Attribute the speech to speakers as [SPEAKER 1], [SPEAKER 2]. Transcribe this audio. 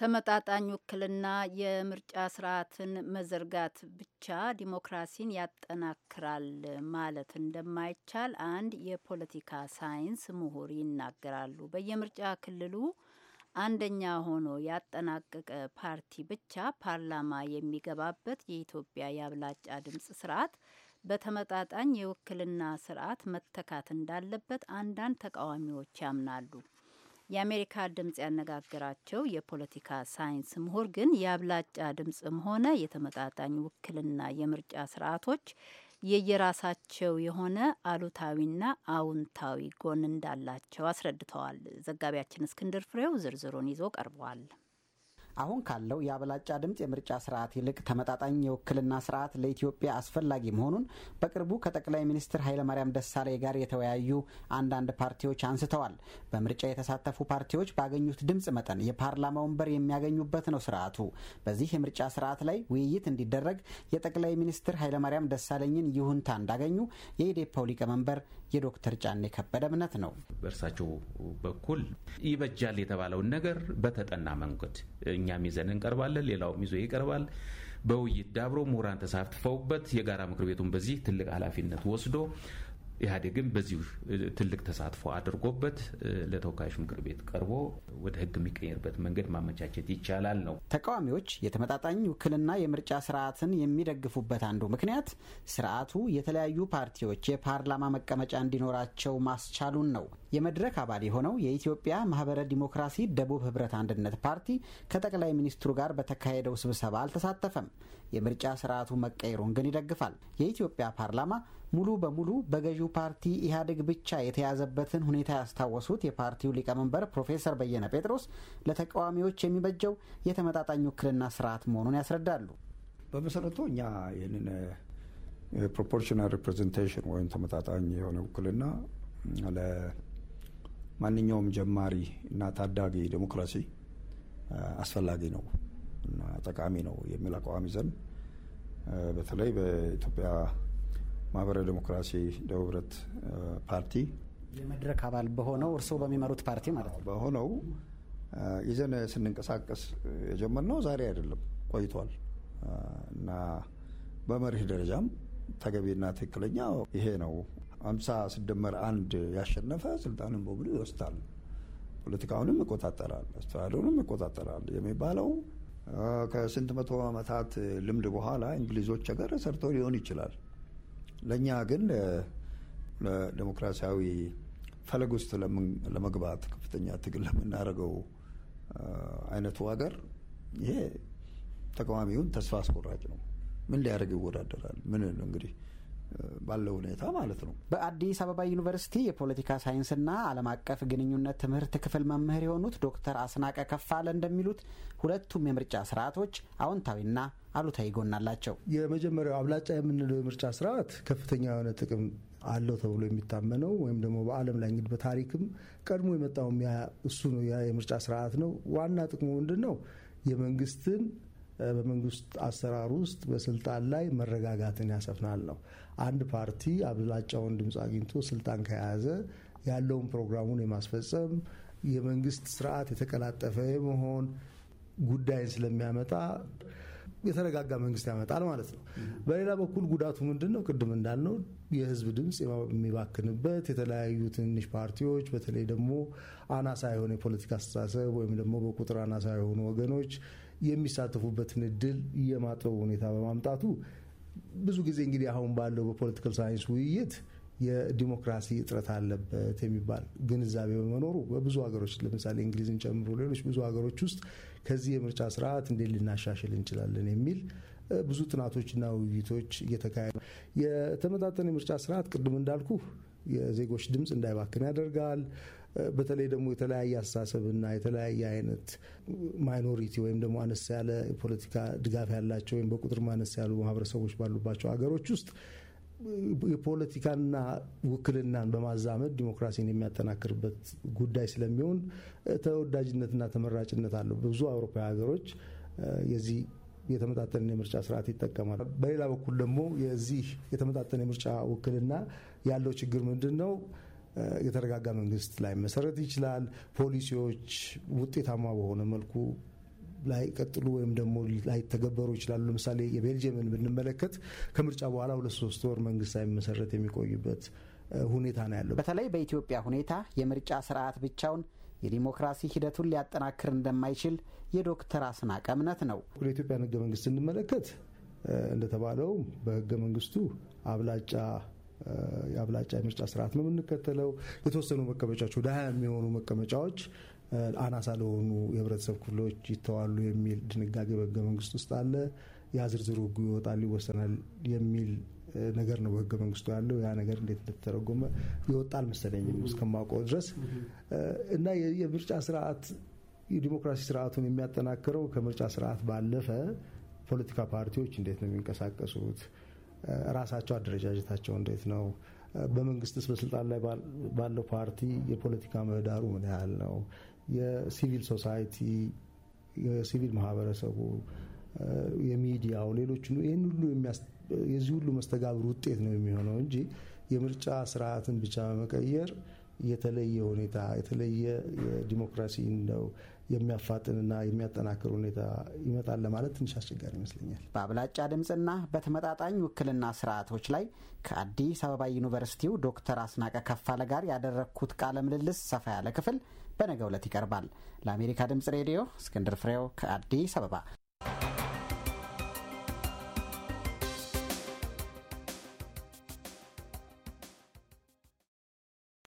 [SPEAKER 1] ተመጣጣኝ ውክልና የምርጫ ስርዓትን መዘርጋት ብቻ ዲሞክራሲን ያጠናክራል ማለት እንደማይቻል አንድ የፖለቲካ ሳይንስ ምሁር ይናገራሉ። በየምርጫ ክልሉ አንደኛ ሆኖ ያጠናቀቀ ፓርቲ ብቻ ፓርላማ የሚገባበት የኢትዮጵያ የአብላጫ ድምፅ ስርዓት በተመጣጣኝ የውክልና ስርዓት መተካት እንዳለበት አንዳንድ ተቃዋሚዎች ያምናሉ። የአሜሪካ ድምፅ ያነጋገራቸው የፖለቲካ ሳይንስ ምሁር ግን የአብላጫ ድምፅም ሆነ የተመጣጣኝ ውክልና የምርጫ ስርዓቶች የየራሳቸው የሆነ አሉታዊና አውንታዊ ጎን እንዳላቸው አስረድተዋል። ዘጋቢያችን እስክንድር ፍሬው ዝርዝሩን ይዞ ቀርቧል።
[SPEAKER 2] አሁን ካለው የአብላጫ ድምፅ የምርጫ ስርዓት ይልቅ ተመጣጣኝ የውክልና ስርዓት ለኢትዮጵያ አስፈላጊ መሆኑን በቅርቡ ከጠቅላይ ሚኒስትር ኃይለማርያም ደሳሌ ጋር የተወያዩ አንዳንድ ፓርቲዎች አንስተዋል። በምርጫ የተሳተፉ ፓርቲዎች ባገኙት ድምፅ መጠን የፓርላማ ወንበር የሚያገኙበት ነው ስርዓቱ። በዚህ የምርጫ ስርዓት ላይ ውይይት እንዲደረግ የጠቅላይ ሚኒስትር ኃይለማርያም ደሳለኝን ይሁንታ እንዳገኙ የኢዴፓው ሊቀመንበር የዶክተር ጫኔ ከበደ እምነት ነው። በእርሳቸው በኩል ይበጃል የተባለውን ነገር በተጠና መንገድ እኛም ይዘን እንቀርባለን፣ ሌላውም ይዞ ይቀርባል። በውይይት ዳብሮ ምሁራን ተሳትፈውበት የጋራ ምክር ቤቱን በዚህ ትልቅ ኃላፊነት ወስዶ ኢህአዴግም በዚሁ ትልቅ ተሳትፎ አድርጎበት ለተወካዮች ምክር ቤት ቀርቦ ወደ ህግ የሚቀየርበት መንገድ ማመቻቸት ይቻላል ነው። ተቃዋሚዎች የተመጣጣኝ ውክልና የምርጫ ስርዓትን የሚደግፉበት አንዱ ምክንያት ስርዓቱ የተለያዩ ፓርቲዎች የፓርላማ መቀመጫ እንዲኖራቸው ማስቻሉን ነው። የመድረክ አባል የሆነው የኢትዮጵያ ማህበረ ዲሞክራሲ ደቡብ ህብረት አንድነት ፓርቲ ከጠቅላይ ሚኒስትሩ ጋር በተካሄደው ስብሰባ አልተሳተፈም። የምርጫ ስርዓቱ መቀየሩን ግን ይደግፋል። የኢትዮጵያ ፓርላማ ሙሉ በሙሉ በገዢው ፓርቲ ኢህአዴግ ብቻ የተያዘበትን ሁኔታ ያስታወሱት የፓርቲው ሊቀመንበር ፕሮፌሰር በየነ ጴጥሮስ ለተቃዋሚዎች የሚበጀው የተመጣጣኝ ውክልና ስርዓት መሆኑን ያስረዳሉ። በመሰረቱ እኛ ይህንን
[SPEAKER 3] ፕሮፖርሽናል ሪፕሬዘንቴሽን ወይም ተመጣጣኝ የሆነ ውክልና ለማንኛውም ጀማሪ እና ታዳጊ ዴሞክራሲ አስፈላጊ ነው ጠቃሚ ነው የሚል አቋም ይዘን በተለይ በኢትዮጵያ ማህበራዊ ዴሞክራሲ ደቡብ ህብረት ፓርቲ የመድረክ አባል በሆነው እርስዎ በሚመሩት ፓርቲ ማለት ነው በሆነው ይዘን ስንንቀሳቀስ የጀመርነው ዛሬ አይደለም፣ ቆይቷል እና በመርህ ደረጃም ተገቢና ትክክለኛ ይሄ ነው። አምሳ ስደመር አንድ ያሸነፈ ስልጣንን በሙሉ ይወስዳል፣ ፖለቲካውንም ይቆጣጠራል፣ አስተዳደሩንም ይቆጣጠራል የሚባለው ከስንት መቶ ዓመታት ልምድ በኋላ እንግሊዞች ሀገር ሰርተው ሊሆን ይችላል። ለእኛ ግን ለዲሞክራሲያዊ ፈለግ ውስጥ ለመግባት ከፍተኛ ትግል ለምናደርገው አይነቱ ሀገር ይሄ ተቃዋሚውን
[SPEAKER 2] ተስፋ አስቆራጭ ነው። ምን ሊያደርግ ይወዳደራል? ምን እንግዲህ ባለው ሁኔታ ማለት ነው። በአዲስ አበባ ዩኒቨርሲቲ የፖለቲካ ሳይንስና ዓለም አቀፍ ግንኙነት ትምህርት ክፍል መምህር የሆኑት ዶክተር አስናቀ ከፋለ እንደሚሉት ሁለቱም የምርጫ ስርዓቶች አዎንታዊና አሉታዊ ጎናላቸው
[SPEAKER 4] የመጀመሪያው አብላጫ የምንለው የምርጫ ስርዓት ከፍተኛ የሆነ ጥቅም አለው ተብሎ የሚታመነው ወይም ደግሞ በዓለም ላይ እንግዲህ በታሪክም ቀድሞ የመጣውም እሱ ነው የምርጫ ስርዓት ነው። ዋና ጥቅሙ ምንድን ነው? የመንግስትን በመንግስት አሰራር ውስጥ በስልጣን ላይ መረጋጋትን ያሰፍናል ነው። አንድ ፓርቲ አብላጫውን ድምፅ አግኝቶ ስልጣን ከያዘ ያለውን ፕሮግራሙን የማስፈጸም የመንግስት ስርዓት የተቀላጠፈ የመሆን ጉዳይን ስለሚያመጣ የተረጋጋ መንግስት ያመጣል ማለት ነው። በሌላ በኩል ጉዳቱ ምንድን ነው? ቅድም እንዳልነው የህዝብ ድምፅ የሚባክንበት የተለያዩ ትንንሽ ፓርቲዎች፣ በተለይ ደግሞ አናሳ የሆነ የፖለቲካ አስተሳሰብ ወይም ደግሞ በቁጥር አናሳ የሆኑ ወገኖች የሚሳተፉበትን እድል የማጥበብ ሁኔታ በማምጣቱ ብዙ ጊዜ እንግዲህ አሁን ባለው በፖለቲካል ሳይንስ ውይይት የዲሞክራሲ እጥረት አለበት የሚባል ግንዛቤ በመኖሩ በብዙ ሀገሮች ለምሳሌ እንግሊዝን ጨምሮ ሌሎች ብዙ ሀገሮች ውስጥ ከዚህ የምርጫ ስርዓት እንዴት ልናሻሽል እንችላለን የሚል ብዙ ጥናቶችና ውይይቶች እየተካሄዱ የተመጣጠነ የምርጫ ስርዓት ቅድም እንዳልኩ የዜጎች ድምፅ እንዳይባክን ያደርጋል። በተለይ ደግሞ የተለያየ አስተሳሰብና የተለያየ አይነት ማይኖሪቲ ወይም ደግሞ አነስ ያለ ፖለቲካ ድጋፍ ያላቸው ወይም በቁጥር ማነስ ያሉ ማህበረሰቦች ባሉባቸው ሀገሮች ውስጥ የፖለቲካና ውክልናን በማዛመድ ዲሞክራሲን የሚያጠናክርበት ጉዳይ ስለሚሆን ተወዳጅነትና ተመራጭነት አለው። ብዙ አውሮፓዊ ሀገሮች የዚህ የተመጣጠነ የምርጫ ስርዓት ይጠቀማል። በሌላ በኩል ደግሞ የዚህ የተመጣጠነ የምርጫ ውክልና ያለው ችግር ምንድን ነው? የተረጋጋ መንግስት ላይ መሰረት ይችላል። ፖሊሲዎች ውጤታማ በሆነ መልኩ ላይቀጥሉ ወይም ደግሞ ላይተገበሩ ይችላሉ። ለምሳሌ የቤልጅየምን ብንመለከት ከምርጫ በኋላ ሁለት ሶስት ወር መንግስት ሳይመሰረት የሚቆዩበት ሁኔታ ነው ያለው። በተለይ በኢትዮጵያ ሁኔታ የምርጫ ስርዓት ብቻውን
[SPEAKER 2] የዲሞክራሲ ሂደቱን ሊያጠናክር እንደማይችል የዶክተር አስናቀ እምነት ነው።
[SPEAKER 4] የኢትዮጵያን ህገ መንግስት ስንመለከት እንደተባለው በህገ መንግስቱ አብላጫ የአብላጫ የምርጫ ስርዓት ነው የምንከተለው። የተወሰኑ መቀመጫዎች ወደ ሀያ የሚሆኑ መቀመጫዎች አናሳ ለሆኑ የህብረተሰብ ክፍሎች ይተዋሉ የሚል ድንጋጌ በህገ መንግስት ውስጥ አለ። ያ ዝርዝሩ ህጉ ይወጣል፣ ይወሰናል የሚል ነገር ነው በህገ መንግስቱ ያለው። ያ ነገር እንዴት እንደተተረጎመ ይወጣል መሰለኝ እስከማውቀው ድረስ እና የምርጫ ስርዓት የዲሞክራሲ ስርዓቱን የሚያጠናክረው ከምርጫ ስርዓት ባለፈ ፖለቲካ ፓርቲዎች እንዴት ነው የሚንቀሳቀሱት፣ ራሳቸው አደረጃጀታቸው እንዴት ነው፣ በመንግስትስ በስልጣን ላይ ባለው ፓርቲ የፖለቲካ ምህዳሩ ምን ያህል ነው የሲቪል ሶሳይቲ፣ የሲቪል ማህበረሰቡ፣ የሚዲያው፣ ሌሎች ሁሉ ይህን ሁሉ የዚህ ሁሉ መስተጋብር ውጤት ነው የሚሆነው እንጂ የምርጫ ስርዓትን ብቻ መቀየር የተለየ ሁኔታ የተለየ የዲሞክራሲ እንደው የሚያፋጥንና የሚያጠናክር ሁኔታ ይመጣል ለማለት ትንሽ አስቸጋሪ ይመስለኛል።
[SPEAKER 2] በአብላጫ ድምፅና በተመጣጣኝ ውክልና ስርዓቶች ላይ ከአዲስ አበባ ዩኒቨርሲቲው ዶክተር አስናቀ ከፋለ ጋር ያደረግኩት ቃለ ምልልስ ሰፋ ያለ ክፍል በነገው ዕለት ይቀርባል። ለአሜሪካ ድምጽ ሬዲዮ እስክንድር ፍሬው ከአዲስ አበባ